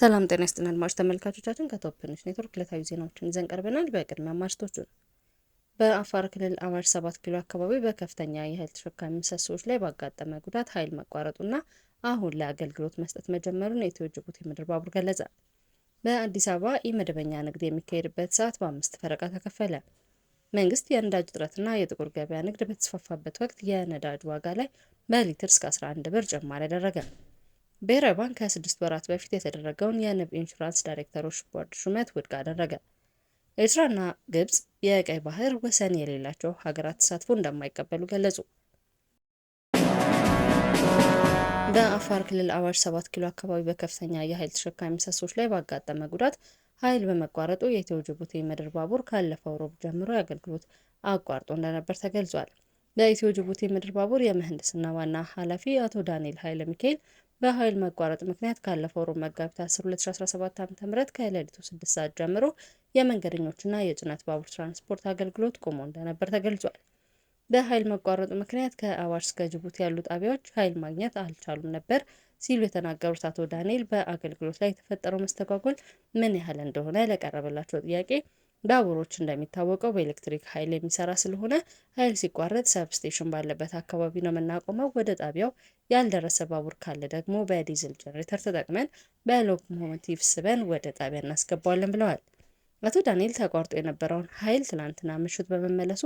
ሰላም ጤና ይስጥልን አድማጭ ተመልካቾቻችን፣ ከቶፕንሽ ኔትወርክ ዕለታዊ ዜናዎችን ይዘን ቀርበናል። በቅድሚያ ማርቶቹ በአፋር ክልል አዋሽ ሰባት ኪሎ አካባቢ በከፍተኛ የኃይል ተሸካሚ ምሰሶዎች ላይ ባጋጠመ ጉዳት ኃይል መቋረጡና አሁን አገልግሎት መስጠት መጀመሩን የኢትዮ ጅቡቲ ምድር ባቡር ገለጸ። በአዲስ አበባ ኢመደበኛ ንግድ የሚካሄድበት ሰዓት በአምስት ፈረቃ ተከፈለ። መንግስት የነዳጅ እጥረትና የጥቁር ገበያ ንግድ በተስፋፋበት ወቅት የነዳጅ ዋጋ ላይ በሊትር እስከ 11 ብር ጭማሪ አደረገ። ብሔራዊ ባንክ ከስድስት ወራት በፊት የተደረገውን የንብ ኢንሹራንስ ዳይሬክተሮች ቦርድ ሹመት ውድቅ አደረገ። ኤርትራና ግብጽ የቀይ ባህር ወሰን የሌላቸው ሀገራት ተሳትፎ እንደማይቀበሉ ገለጹ። በአፋር ክልል አዋሽ 7 ኪሎ አካባቢ በከፍተኛ የኃይል ተሸካሚ ምሰሶች ላይ ባጋጠመ ጉዳት ኃይል በመቋረጡ የኢትዮ ጅቡቲ ምድር ባቡር ካለፈው ሮብ ጀምሮ የአገልግሎት አቋርጦ እንደነበር ተገልጿል። ለኢትዮ ጅቡቲ ምድር ባቡር የምህንድስና ዋና ኃላፊ አቶ ዳንኤል ኃይለ ሚካኤል በኃይል መቋረጥ ምክንያት ካለፈው ሮብ መጋቢት 10 2017 ዓ.ም ከሌሊቱ 6 ሰዓት ጀምሮ የመንገደኞችና የጭነት ባቡር ትራንስፖርት አገልግሎት ቆሞ እንደነበር ተገልጿል። በኃይል መቋረጡ ምክንያት ከአዋሽ እስከ ጅቡቲ ያሉ ጣቢያዎች ኃይል ማግኘት አልቻሉም ነበር ሲሉ የተናገሩት አቶ ዳንኤል በአገልግሎት ላይ የተፈጠረው መስተጓጎል ምን ያህል እንደሆነ ለቀረበላቸው ጥያቄ ዳቡሮች እንደሚታወቀው በኤሌክትሪክ ኃይል የሚሰራ ስለሆነ ኃይል ሲቋረጥ ሰብስቴሽን ባለበት አካባቢ ነው የምናቆመው። ወደ ጣቢያው ያልደረሰ ባቡር ካለ ደግሞ በዲዝል ጀኔሬተር ተጠቅመን በሎኮሞቲቭ ስበን ወደ ጣቢያ እናስገባዋለን ብለዋል። አቶ ዳንኤል ተቋርጦ የነበረውን ኃይል ትናንትና ምሽት በመመለሱ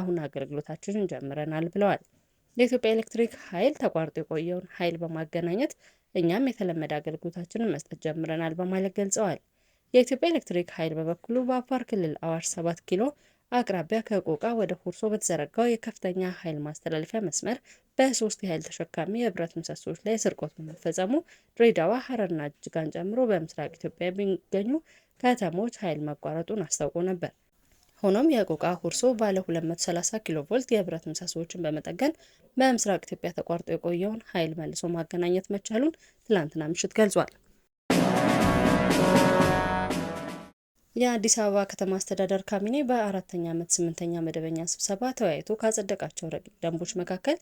አሁን አገልግሎታችንን ጀምረናል ብለዋል። የኢትዮጵያ ኤሌክትሪክ ኃይል ተቋርጦ የቆየውን ኃይል በማገናኘት እኛም የተለመደ አገልግሎታችንን መስጠት ጀምረናል በማለት ገልጸዋል። የኢትዮጵያ ኤሌክትሪክ ኃይል በበኩሉ በአፋር ክልል አዋሽ 7 ኪሎ አቅራቢያ ከቆቃ ወደ ሁርሶ በተዘረጋው የከፍተኛ ኃይል ማስተላለፊያ መስመር በሶስት የኃይል ተሸካሚ የብረት ምሰሶች ላይ ስርቆት በመፈጸሙ ድሬዳዋ፣ ሐረርና ጅጋን ጨምሮ በምስራቅ ኢትዮጵያ የሚገኙ ከተሞች ኃይል መቋረጡን አስታውቆ ነበር። ሆኖም የቆቃ ሁርሶ ባለ 230 ኪሎ ቮልት የብረት ምሰሶዎችን በመጠገን በምስራቅ ኢትዮጵያ ተቋርጦ የቆየውን ኃይል መልሶ ማገናኘት መቻሉን ትላንትና ምሽት ገልጿል። የአዲስ አበባ ከተማ አስተዳደር ካቢኔ በአራተኛ ዓመት ስምንተኛ መደበኛ ስብሰባ ተወያይቶ ካጸደቃቸው ረቂቅ ደንቦች መካከል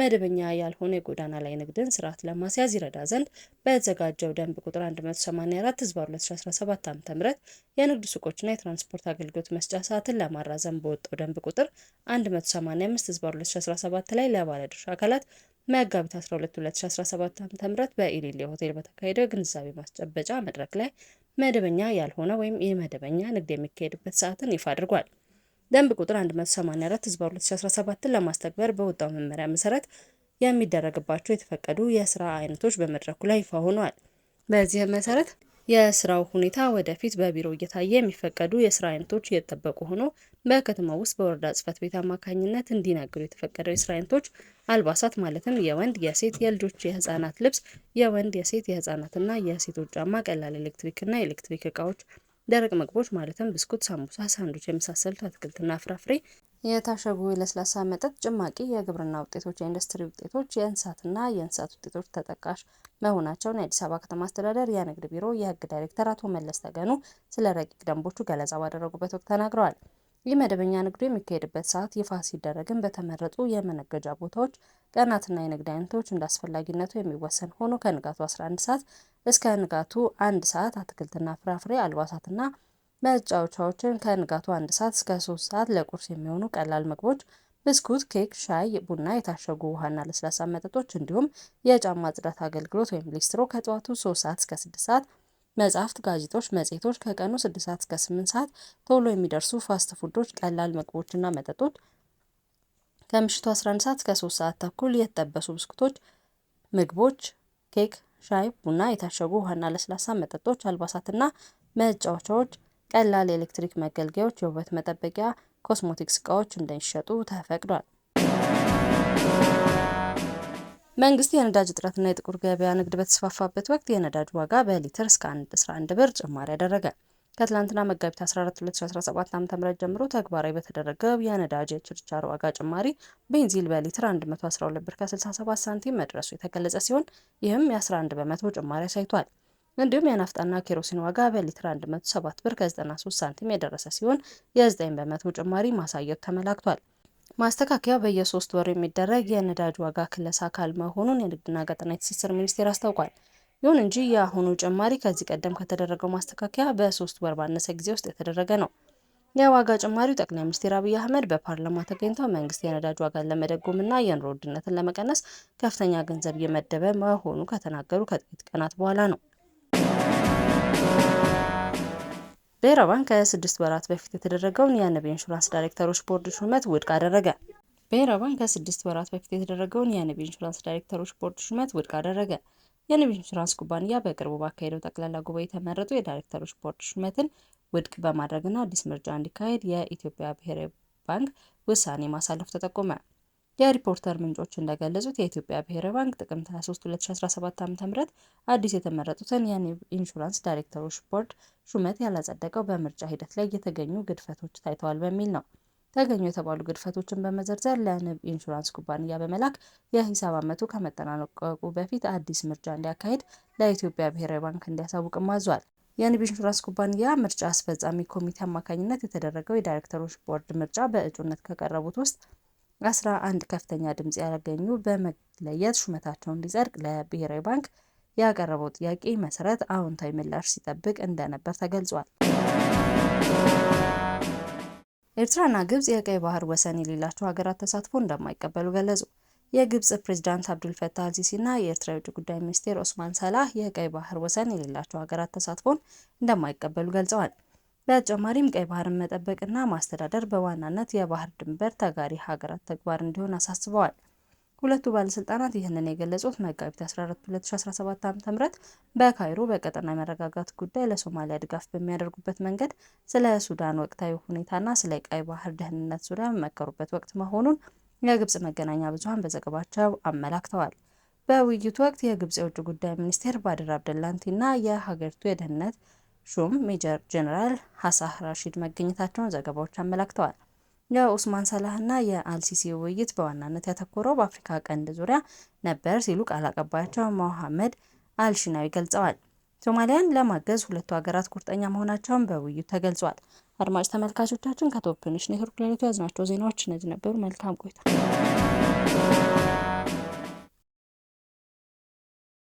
መደበኛ ያልሆነ የጎዳና ላይ ንግድን ስርዓት ለማስያዝ ይረዳ ዘንድ በተዘጋጀው ደንብ ቁጥር 184 ህዝባ 2017 ም የንግድ ሱቆችና የትራንስፖርት አገልግሎት መስጫ ሰዓትን ለማራዘም በወጣው ደንብ ቁጥር 185 ህዝባ 2017 ላይ ለባለድርሻ አካላት መጋቢት 12 2017 ም በኢሊሊ ሆቴል በተካሄደው ግንዛቤ ማስጨበጫ መድረክ ላይ መደበኛ ያልሆነ ወይም የመደበኛ ንግድ የሚካሄድበት ሰዓትን ይፋ አድርጓል። ደንብ ቁጥር 184 ህዝባ 2017ን ለማስተግበር በወጣው መመሪያ መሰረት የሚደረግባቸው የተፈቀዱ የስራ አይነቶች በመድረኩ ላይ ይፋ ሆነዋል። በዚህም መሰረት የስራው ሁኔታ ወደፊት በቢሮ እየታየ የሚፈቀዱ የስራ አይነቶች እየተጠበቁ ሆኖ በከተማ ውስጥ በወረዳ ጽሕፈት ቤት አማካኝነት እንዲነግሩ የተፈቀደው የስራ አይነቶች አልባሳት ማለትም የወንድ፣ የሴት፣ የልጆች፣ የህጻናት ልብስ፣ የወንድ፣ የሴት፣ የህጻናትና የሴቶች ጫማ፣ ቀላል ኤሌክትሪክና የኤሌክትሪክ እቃዎች፣ ደረቅ ምግቦች ማለትም ብስኩት፣ ሳምቡሳ፣ ሳንዱች የመሳሰሉት አትክልትና ፍራፍሬ፣ የታሸጉ የለስላሳ መጠጥ፣ ጭማቂ፣ የግብርና ውጤቶች፣ የኢንዱስትሪ ውጤቶች፣ የእንስሳትና የእንስሳት ውጤቶች ተጠቃሽ መሆናቸውን የአዲስ አበባ ከተማ አስተዳደር የንግድ ቢሮ የህግ ዳይሬክተር አቶ መለስ ተገኑ ስለ ረቂቅ ደንቦቹ ገለጻ ባደረጉበት ወቅት ተናግረዋል። ይህ መደበኛ ንግዱ የሚካሄድበት ሰዓት ይፋ ሲደረግም በተመረጡ የመነገጃ ቦታዎች፣ ቀናትና የንግድ አይነቶች እንደ አስፈላጊነቱ የሚወሰን ሆኖ ከንጋቱ 11 ሰዓት እስከ ንጋቱ አንድ ሰዓት አትክልትና ፍራፍሬ፣ አልባሳትና መጫወቻዎችን ከንጋቱ አንድ ሰዓት እስከ ሶስት ሰዓት ለቁርስ የሚሆኑ ቀላል ምግቦች ብስኩት፣ ኬክ፣ ሻይ፣ ቡና፣ የታሸጉ ውሃና ለስላሳ መጠጦች እንዲሁም የጫማ ጽዳት አገልግሎት ወይም ሊስትሮ ከጠዋቱ 3 ሰዓት እስከ 6 ሰዓት፣ መጽሐፍት፣ ጋዜጦች፣ መጽሔቶች ከቀኑ 6 ሰዓት እስከ 8 ሰዓት፣ ቶሎ የሚደርሱ ፋስት ፉዶች፣ ቀላል ምግቦችና መጠጦች ከምሽቱ 11 ሰዓት እስከ 3 ሰዓት ተኩል፣ የተጠበሱ ብስኩቶች፣ ምግቦች፣ ኬክ፣ ሻይ፣ ቡና፣ የታሸጉ ውሃና ለስላሳ መጠጦች፣ አልባሳትና መጫወቻዎች፣ ቀላል የኤሌክትሪክ መገልገያዎች፣ የውበት መጠበቂያ ኮስሞቲክስ እቃዎች እንዳይሸጡ ተፈቅዷል። መንግስት የነዳጅ እጥረትና የጥቁር ገበያ ንግድ በተስፋፋበት ወቅት የነዳጅ ዋጋ በሊትር እስከ 1.11 ብር ጭማሪ አደረገ። ከትላንትና መጋቢት 14 2017 ዓ.ም ጀምሮ ተግባራዊ በተደረገው የነዳጅ የችርቻሮ ዋጋ ጭማሪ ቤንዚል በሊትር 112 ብር ከ67 ሳንቲም መድረሱ የተገለጸ ሲሆን ይህም የ11 በመቶ ጭማሪ አሳይቷል። እንዲሁም የናፍጣና ኬሮሲን ዋጋ በሊትር 107 ብር ከ93 ሳንቲም የደረሰ ሲሆን የ9 በመቶ ጭማሪ ማሳየቱ ተመላክቷል። ማስተካከያው በየሶስት ወሩ የሚደረግ የነዳጅ ዋጋ ክለሳ አካል መሆኑን የንግድና ገጠና ትስስር ሚኒስቴር አስታውቋል። ይሁን እንጂ የአሁኑ ጭማሪ ከዚህ ቀደም ከተደረገው ማስተካከያ በሶስት ወር ባነሰ ጊዜ ውስጥ የተደረገ ነው። የዋጋ ጭማሪው ጠቅላይ ሚኒስትር አብይ አህመድ በፓርላማ ተገኝተው መንግስት የነዳጅ ዋጋን ለመደጎምና የኑሮ ውድነትን ለመቀነስ ከፍተኛ ገንዘብ እየመደበ መሆኑ ከተናገሩ ከጥቂት ቀናት በኋላ ነው። ብሔራዊ ባንክ ከስድስት ወራት በፊት የተደረገውን የንብ ኢንሹራንስ ዳይሬክተሮች ቦርድ ሹመት ውድቅ አደረገ። ብሔራዊ ባንክ ከስድስት ወራት በፊት የተደረገውን የንብ ኢንሹራንስ ዳይሬክተሮች ቦርድ ሹመት ውድቅ አደረገ። የንብ ኢንሹራንስ ኩባንያ በቅርቡ ባካሄደው ጠቅላላ ጉባኤ የተመረጡ የዳይሬክተሮች ቦርድ ሹመትን ውድቅ በማድረግና አዲስ ምርጫ እንዲካሄድ የኢትዮጵያ ብሔራዊ ባንክ ውሳኔ ማሳለፍ ተጠቆመ። የሪፖርተር ምንጮች እንደገለጹት የኢትዮጵያ ብሔራዊ ባንክ ጥቅምት 23 2017 ዓ.ም አዲስ የተመረጡትን የኢንሹራንስ ዳይሬክተሮች ቦርድ ሹመት ያላጸደቀው በምርጫ ሂደት ላይ የተገኙ ግድፈቶች ታይተዋል በሚል ነው። ተገኙ የተባሉ ግድፈቶችን በመዘርዘር ለንብ ኢንሹራንስ ኩባንያ በመላክ የሂሳብ ዓመቱ ከመጠናቀቁ በፊት አዲስ ምርጫ እንዲያካሂድ ለኢትዮጵያ ብሔራዊ ባንክ እንዲያሳውቅም አዟል። የንብ ኢንሹራንስ ኩባንያ ምርጫ አስፈጻሚ ኮሚቴ አማካኝነት የተደረገው የዳይሬክተሮች ቦርድ ምርጫ በእጩነት ከቀረቡት ውስጥ አስራ አንድ ከፍተኛ ድምፅ ያገኙ በመለየት ሹመታቸው እንዲጸድቅ ለብሔራዊ ባንክ ያቀረበው ጥያቄ መሰረት አዎንታዊ ምላሽ ሲጠብቅ እንደነበር ተገልጿል። ኤርትራና ግብጽ የቀይ ባህር ወሰን የሌላቸው ሀገራት ተሳትፎ እንደማይቀበሉ ገለጹ። የግብጽ ፕሬዚዳንት አብዱልፈታህ አልሲሲና የኤርትራ የውጭ ጉዳይ ሚኒስቴር ኦስማን ሰላህ የቀይ ባህር ወሰን የሌላቸው ሀገራት ተሳትፎን እንደማይቀበሉ ገልጸዋል። በተጨማሪም ቀይ ባህርን መጠበቅና ማስተዳደር በዋናነት የባህር ድንበር ተጋሪ ሀገራት ተግባር እንዲሆን አሳስበዋል። ሁለቱ ባለስልጣናት ይህንን የገለጹት መጋቢት 14 2017 ዓ.ም በካይሮ በቀጠና የመረጋጋት ጉዳይ ለሶማሊያ ድጋፍ በሚያደርጉበት መንገድ ስለ ሱዳን ወቅታዊ ሁኔታና ስለ ቀይ ባህር ደህንነት ዙሪያ በመከሩበት ወቅት መሆኑን የግብጽ መገናኛ ብዙሃን በዘገባቸው አመላክተዋል። በውይይቱ ወቅት የግብጽ የውጭ ጉዳይ ሚኒስቴር ባድር አብደላንቲና የሀገሪቱ የደህንነት ሹም ሜጀር ጀነራል ሀሳህ ራሺድ መገኘታቸውን ዘገባዎች አመላክተዋል። የኡስማን ሰላህና የአልሲሲ ውይይት በዋናነት ያተኮረው በአፍሪካ ቀንድ ዙሪያ ነበር ሲሉ ቃል አቀባያቸው መሐመድ አልሺናዊ ገልጸዋል። ሶማሊያን ለማገዝ ሁለቱ ሀገራት ቁርጠኛ መሆናቸውን በውይይቱ ተገልጿል። አድማጭ ተመልካቾቻችን ከቶፕንሽ ኔትወርክ ለዕለቱ ያዝናቸው ዜናዎች እነዚህ ነበሩ። መልካም ቆይታ